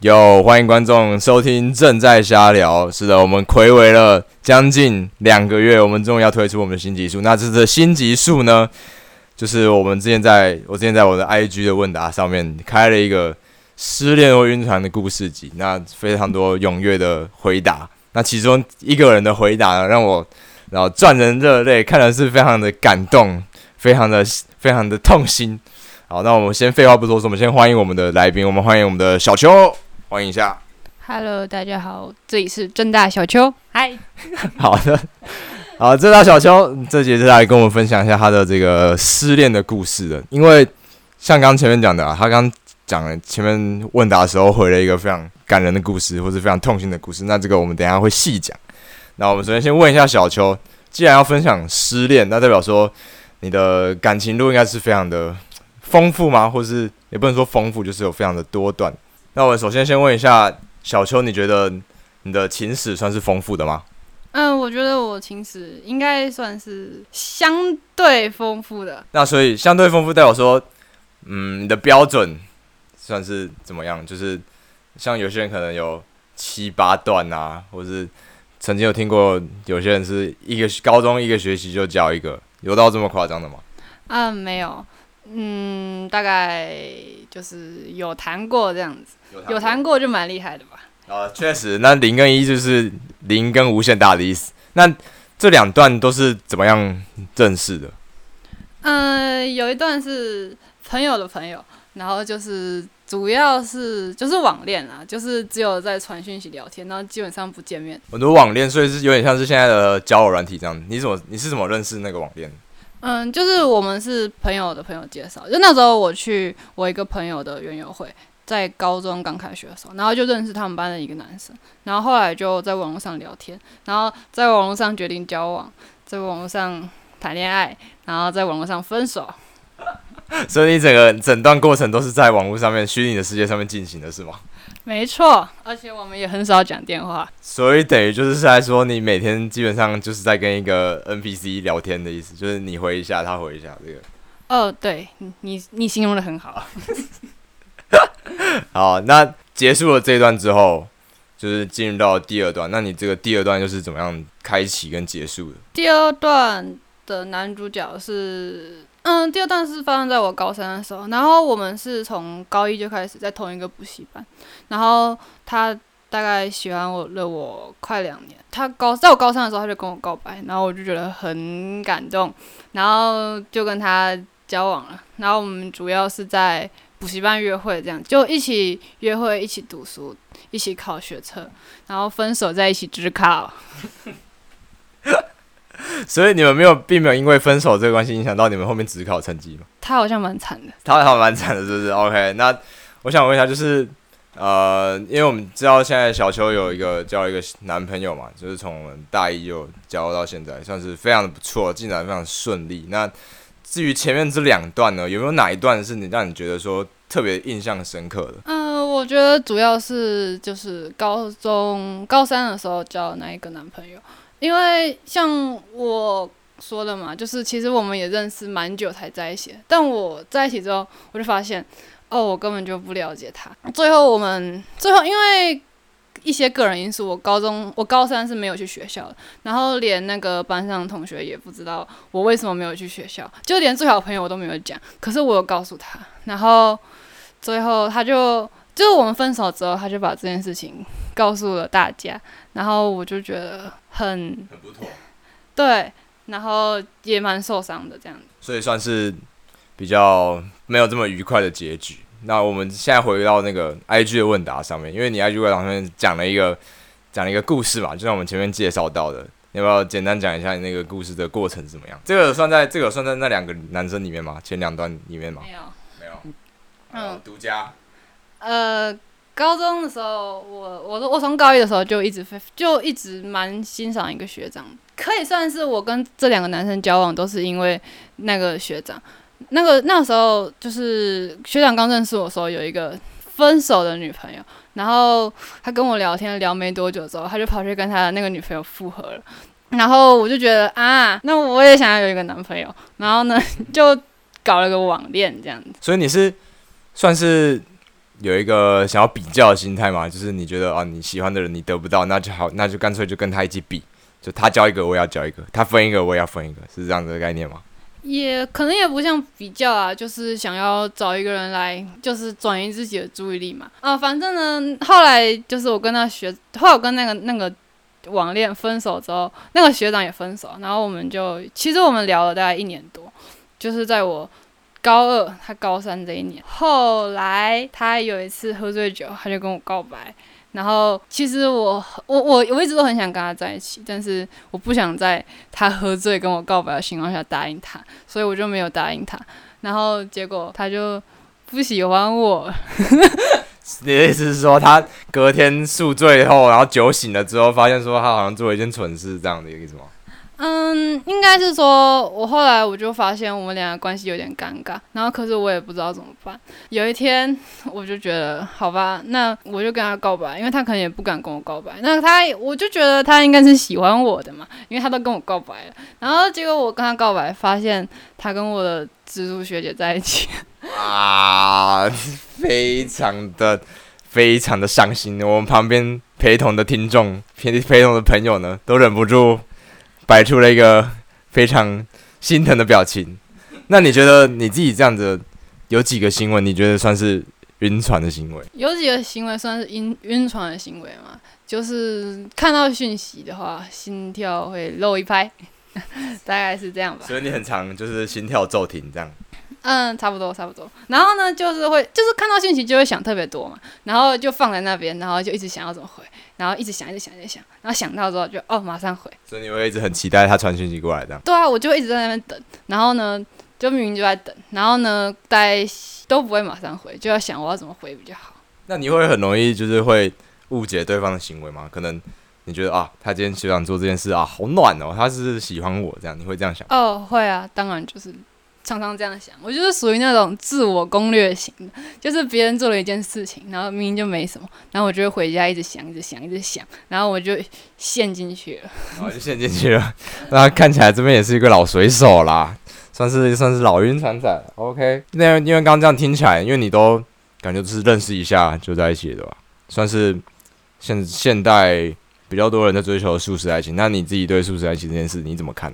有歡迎觀眾收聽正在瞎聊。是的，我們睽違了將近兩個月，我們終於要推出我們的新集數。那是這次新集數呢，就是我們之前在我之前在我的 IG 的問答上面開了一個失戀或暈船的故事集，那非常多踴躍的回答。那其中一個人的回答呢，讓我然後賺人熱淚，看的是非常的感動，非常的非常的痛心。好，那我們先廢話不多說，我們先歡迎我們的來賓，我們歡迎我們的小邱。歡迎一下，Hello，大家好，這裡是鄭大小秋 Hi， 好的，好，鄭大小秋，這集是來跟我們分享一下他的這個失戀的故事的，因為像剛前面講的、啊，他剛講了前面問答的時候，回了一個非常感人的故事，或是非常痛心的故事，那這個我們等一下會細講。那我們首先先問一下小秋，既然要分享失戀，那代表說你的感情路應該是非常的豐富嗎？或是也不能說豐富，就是有非常的多段。那我首先先問一下小邱，你覺得你的情史算是豐富的嗎？嗯，我覺得我情史應該算是相對豐富的。那所以相對豐富，代表說，嗯，你的標準算是怎麼樣？就是像有些人可能有七八段啊，或是曾經有聽過有些人是一個高中一個學期就交一個，有到這麼誇張的嗎？嗯，沒有。嗯，大概就是有談過這樣子，有談過，有談過就蠻厲害的吧。啊，確實，那零跟一就是零跟無限大的意思。那這兩段都是怎麼樣認識的？呃，有一段是朋友的朋友，然後就是主要是就是網戀啊，就是只有在傳訊息聊天，然後基本上不見面。很多網戀，所以是有點像是現在的交友軟體這樣。你怎麼，你是怎麼認識那個網戀？嗯，就是我們是朋友的朋友介紹，就那時候我去我一個朋友的園遊會，在高中剛開學的時候，然後就認識他們班的一個男生，然後後來就在網絡上聊天，然後在網絡上決定交往，在網絡上談戀愛，然後在網絡上分手。 所以你整個整段過程都是在網絡上面虛擬的世界上面進行的，是嗎？沒錯，而且我們也很少講電話。所以等於就是在說，你每天基本上就是在跟一個 NPC 聊天的意思，就是你回一下，他回一下，這個。哦，對你，你，你形容得很好。 好，那結束了這一段之後，就是進入到了第二段。那你這個第二段又是怎麼樣開啟跟結束的？第二段的男主角是。嗯，第二段是發生在我高三的時候，然後我們是從高一就開始在同一個補習班，然後他大概喜歡我了我快兩年，他高在我高三的時候他就跟我告白，然後我就覺得很感動，然後就跟他交往了，然後我們主要是在補習班約會，這樣就一起約會，一起讀書，一起考學測，然後分手在一起指考。 所以你們沒有，並沒有因為分手這個關係影響到你們後面指考成績嗎？他好像蠻慘的，他好像蠻慘的，是不是？OK，那我想問一下，就是呃，因為我們知道現在小邱有一個交一個男朋友嘛，就是從大一就交到現在，算是非常的不錯，進展非常順利。那至於前面這兩段呢，有沒有哪一段是你讓你覺得說特別印象深刻的？嗯、呃，我覺得主要是就是高中高三的時候交的那一個男朋友。因為像我說的嘛，就是其實我們也認識蠻久才在一起，但我在一起之後，我就發現，哦，我根本就不了解他。最後我們最後因為一些個人因素，我高中我高三是沒有去學校的，然後連那個班上的同學也不知道我為什麼沒有去學校，就連最好朋友我都沒有講。可是我有告訴他，然後最後他就就我們分手之後，他就把這件事情。告訴了大家，然後我就覺得很很不錯。 對，然後也蠻受傷的這樣子，所以算是比較沒有這麼愉快的結局。那我們現在回到那個 I G 的問答上面，因為你 I G 問答上面講了一個講了一個故事嘛，就像、是、我們前面介紹到的，你要不要簡單講一下你那個故事的過程怎麼樣？這個算在，這個算在那兩個男生裡面嗎？前兩段裡面嗎？沒有，沒有，呃、嗯，獨家，呃。高中的時候，我我說我從高一的時候就一直非就一直蠻欣賞一個學長，可以算是我跟這兩個男生交往都是因為那個學長。那個那時候就是學長剛認識我的時候，有一個分手的女朋友，然後他跟我聊天聊沒多久之後，他就跑去跟他那個女朋友復合了，然後我就覺得啊，那我也想要有一個男朋友，然後呢就搞了個網戀這樣子。所以你是算是。有一個想要比較的心態嘛，就是你覺得哦、啊，你喜歡的人你得不到，那就好，那就乾脆就跟他一起比，就他交一個我也要交一個，他分一個我也要分一個，是這樣的概念嗎？也可能也不像比較啊，就是想要找一個人來，就是轉移自己的注意力嘛。啊、呃，反正呢，後來就是我跟他學，後來我跟那個那個網戀分手之後，那個學長也分手，然後我們就其實我們聊了大概一年多，就是在我。高二，他高三這一年，後來他有一次喝醉酒，他就跟我告白。然後其實我我我我一直都很想跟他在一起，但是我不想在他喝醉跟我告白的情況下答應他，所以我就沒有答應他。然後結果他就不喜歡我。你的意思是說，他隔天宿醉以後，然後酒醒了之後，發現說他好像做了一件蠢事，這樣的一個意思嗎？嗯，應該是說，我後來我就發現我們倆關係有點尷尬，然後可是我也不知道怎麼辦。有一天，我就覺得，好吧，那我就跟他告白，因為他可能也不敢跟我告白。那他，我就覺得他應該是喜歡我的嘛，因為他都跟我告白了。然後結果我跟他告白，發現他跟我的直屬學姐在一起。啊，非常的非常的傷心。我們旁邊陪同的聽眾，陪陪同的朋友呢，都忍不住。擺出了一個非常心疼的表情。那你覺得你自己這樣子有幾個行為？你覺得算是暈船的行為？有幾個行為算是暈暈船的行為嗎？就是看到訊息的話，心跳會漏一拍， 大概是這樣吧。所以你很常就是心跳驟停這樣。嗯，差不多差不多。然後呢，就是會，就是看到信息就會想特別多嘛，然後就放在那邊，然後就一直想要怎麼回，然後一直想，一直想，一直想，然後想到之後就哦，馬上回。所以你會一直很期待他傳訊息過來，這樣？對啊，我就一直在那邊等，然後呢，就明明就在等，然後呢，待都不會馬上回，就要想我要怎麼回比較好。那你會很容易就是會誤解對方的行為嗎？可能你覺得啊，他今天學長做這件事啊，好暖哦，他是喜歡我這樣，你會這樣想？哦，會啊，當然就是。常常這樣想，我就是屬於那種自我攻略型的，就是別人做了一件事情，然後明明就沒什麼，然後我就回家一直想，一直想，一直想，然後我就陷進去了。然後、哦、就陷進去了， 那看起來這邊也是一個老水手啦，算是算是老暈船仔。OK，那因為剛剛這樣聽起來，因為你都感覺就是認識一下就在一起的吧？算是現現代比較多人在追求的速食愛情，那你自己對速食愛情這件事你怎麼看？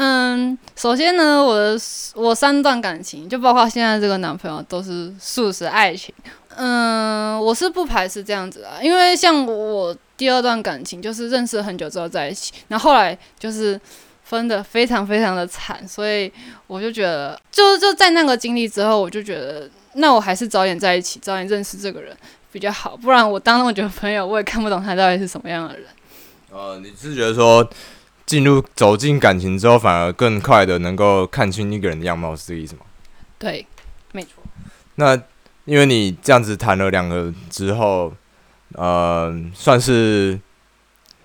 嗯，首先呢，我的我三段感情就包括現在這個男朋友都是速食愛情。嗯，我是不排斥這樣子啊，因為像我第二段感情就是認識了很久之後在一起，然後後來就是分得非常非常的慘，所以我就覺得，就就在那個經歷之後，我就覺得那我還是早點在一起，早點認識這個人比較好，不然我當那麼久的朋友，我也看不懂他到底是什麼樣的人。嗯、呃，你是覺得說？進入，走進感情之後，反而更快的能夠看清一個人的樣貌，是這個意思嗎？對，沒錯。那因為你這樣子談了兩個之後，嗯、呃，算是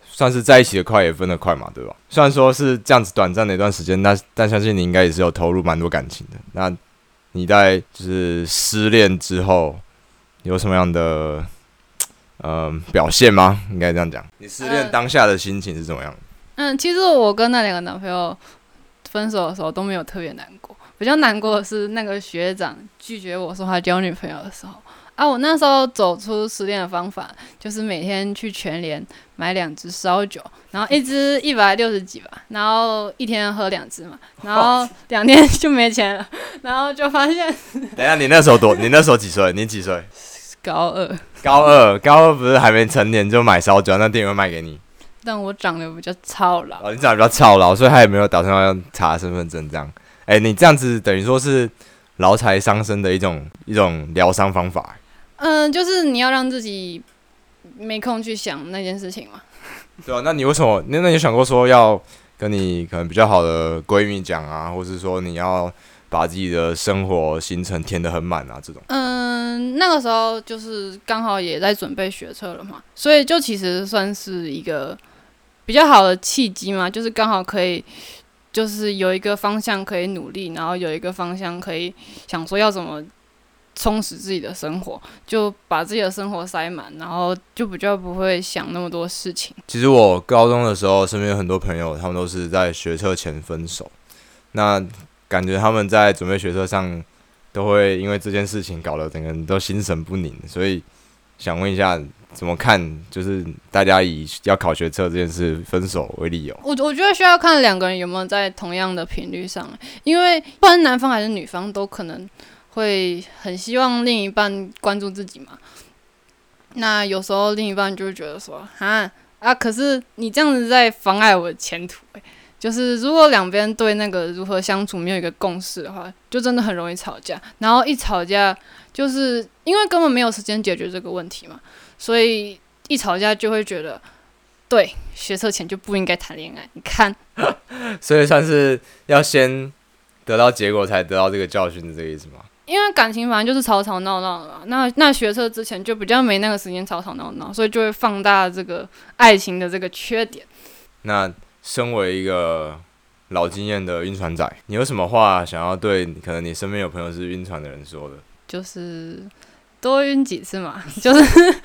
算是在一起的快，也分的快嘛，對吧？雖然說是這樣子短暫的一段時間，但但相信你應該也是有投入蠻多感情的。那你在就是失戀之後有什麼樣的嗯、呃、表現嗎？應該這樣講，你失戀當下的心情是怎麼樣？呃嗯，其實我跟那兩個男朋友分手的時候都沒有特別難過，比較難過的是那個學長拒絕我說他交女朋友的時候。啊，我那時候走出失戀的方法就是每天去全聯買兩支燒酒，然後一支一百六十幾吧，然後一天喝兩支嘛，然後兩天就沒錢了，然後就發現。等下你那時候多？你那時候幾歲？你幾歲？高二。高二，高二不是還沒成年就買燒酒，那店員賣給你？但我長得比較操勞。哦，你長得比較操勞，所以他也沒有打算要查身份證這樣。哎、欸，你這樣子等於說是勞財傷身的一種一種療傷方法、欸。嗯，就是你要讓自己沒空去想那件事情嘛。對啊，那你為什麼？那那你想過說要跟你可能比較好的閨蜜講啊，或是說你要把自己的生活行程填得很滿啊？這種。嗯，那個時候就是剛好也在準備學車了嘛，所以就其實算是一個。比較好的契機嘛，就是剛好可以，就是有一個方向可以努力，然後有一個方向可以想說要怎麼充實自己的生活，就把自己的生活塞滿，然後就比較不會想那麼多事情。其實我高中的時候，身邊有很多朋友，他們都是在學測前分手，那感覺他們在準備學測上都會因為這件事情搞得整個人都心神不寧，所以想問一下。怎麼看？就是大家以要考學測這件事分手為理由，我我覺得需要看兩個人有沒有在同樣的頻率上，因為不管是男方還是女方，都可能會很希望另一半關注自己嘛。那有時候另一半就會覺得說：“啊啊，可是你這樣子在妨礙我的前途、欸。”就是如果兩邊對那個如何相處沒有一個共識的話，就真的很容易吵架。然後一吵架，就是因為根本沒有時間解決這個問題嘛。所以一吵架就會覺得，對，學車前就不應該談戀愛。你看， 所以算是，要先得到結果，才得到這個教訓，是這個意思嗎？因為感情反正就是吵吵鬧鬧的嘛，那那學車之前就比較沒那個時間吵吵鬧鬧，所以就會放大這個愛情的這個缺點。那身為一個老經驗的暈船仔，你有什麼話想要對可能你身邊有朋友是暈船的人說的？就是。多暈幾次嘛，就是，嗯、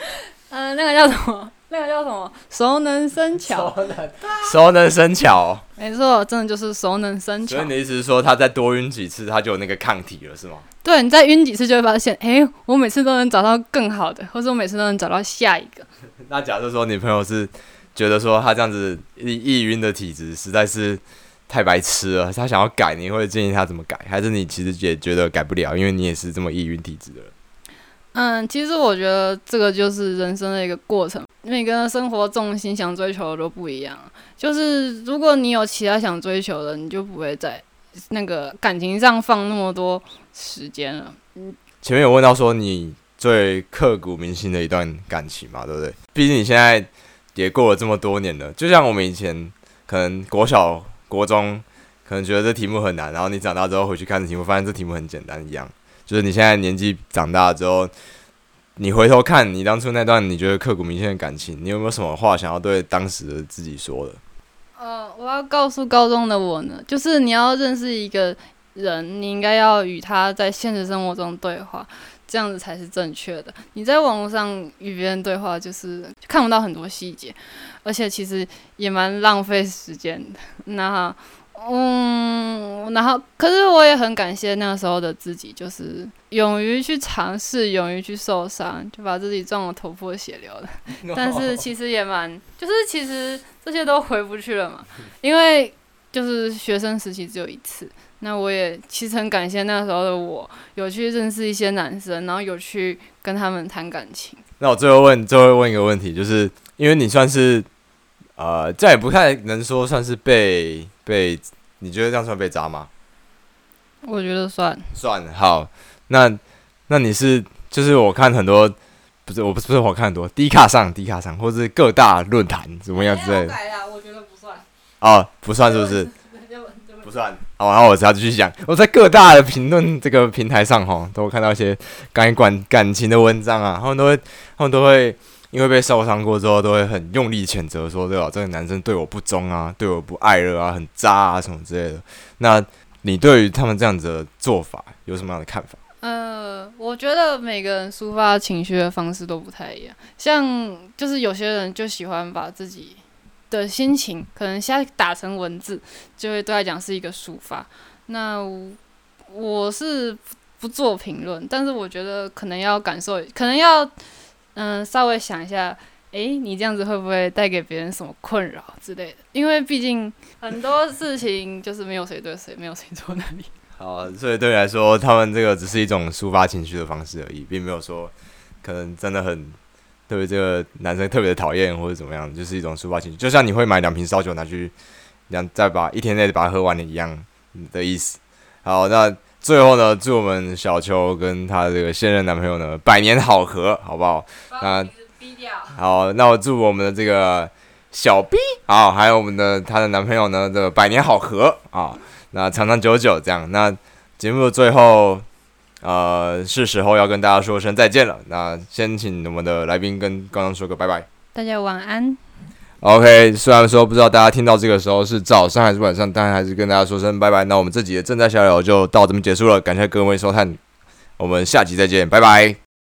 呃，那個叫什麼？那個叫什麼？熟能生巧。熟能、啊、熟能生巧。沒錯，真的就是熟能生巧。所以你的意思是說，他再多暈幾次，他就有那個抗體了，是嗎？對，你再暈幾次就會發現，哎、欸，我每次都能找到更好的，或者我每次都能找到下一個。那假設說，你朋友是覺得說他這樣子易易暈的體質實在是太白痴了，他想要改，你會建議他怎麼改？還是你其實也覺得改不了，因為你也是這麼易暈體質的人？嗯，其實我覺得這個就是人生的一個過程，因為跟生活重心想追求的都不一樣。就是如果你有其他想追求的，你就不會在那個感情上放那麼多時間了。前面有問到說你最刻骨銘心的一段感情嘛，對不對？畢竟你現在也過了這麼多年了，就像我們以前可能國小、國中可能覺得這題目很難，然後你長大之後回去看這題目，發現這題目很簡單一樣。就是你現在年紀長大了之後，你回頭看你當初那段你覺得刻骨銘心的感情，你有沒有什麼話想要對當時的自己說的？呃，我要告訴高中的我呢，就是你要認識一個人，你應該要與他在現實生活中對話，這樣子才是正確的。你在網絡上與別人對話，就是，就看不到很多細節，而且其實也蠻浪費時間的。那嗯，然後可是我也很感謝那時候的自己，就是勇於去嘗試，勇於去受傷，就把自己撞得頭破血流了。Oh. 但是其實也蠻，就是其實這些都回不去了嘛，因為就是學生時期只有一次。那我也其實很感謝那時候的我，有去認識一些男生，然後有去跟他們談感情。那我最後問最後問一個問題，就是因為你算是呃，再也不太能說算是被。被你覺得這樣算被渣嗎？我覺得算。算，好，那那你是就是我看很多，不是我不是不是我看很多低卡上低卡上，或者是各大論壇怎麼樣之類的。的、欸。我覺得不算。啊、哦，不算是不是？不算？好、 哦，然後我只要繼續講。我在各大的評論這個平台上吼，都看到一些關於感感情的文章啊，他們都會他們都會。因為被燒傷過之後，都會很用力譴責說：“對吧？這個男生對我不忠啊，對我不愛了啊，很渣啊，什麼之類的。”那你對於他們這樣子的做法有什麼樣的看法？呃，我覺得每個人抒發情緒的方式都不太一樣，像就是有些人就喜歡把自己的心情、嗯、可能先打成文字，就會對他講是一個抒發。那我,我是不,不做評論，但是我覺得可能要感受，可能要。嗯，稍微想一下，誒、欸，你這樣子會不會帶給別人什麼困擾之類的？因為畢竟很多事情就是沒有誰對誰，沒有誰錯哪裡。好，所以對你來說，他們這個只是一種抒發情緒的方式而已，並沒有說可能真的很對於這個男生特別的討厭或者怎麼樣，就是一種抒發情緒。就像你會買兩瓶燒酒拿去，兩再把一天內把它喝完的一樣的意思。好，那。最後呢，祝我們小邱跟她這個現任男朋友呢百年好合，好不好？那好，那我祝我們的這個小 B 啊，還有我們的她的男朋友呢的這個百年好合啊，那長長久久這樣。那節目的最後，呃，是時候要跟大家說聲再見了。那先請我們的來賓跟剛剛說個拜拜，大家晚安。OK，雖然說不知道大家聽到這個時候是早上還是晚上，但還是跟大家說聲拜拜。那我們這集的正在交流就到這邊結束了，感謝各位收看，我們下集再見，拜拜。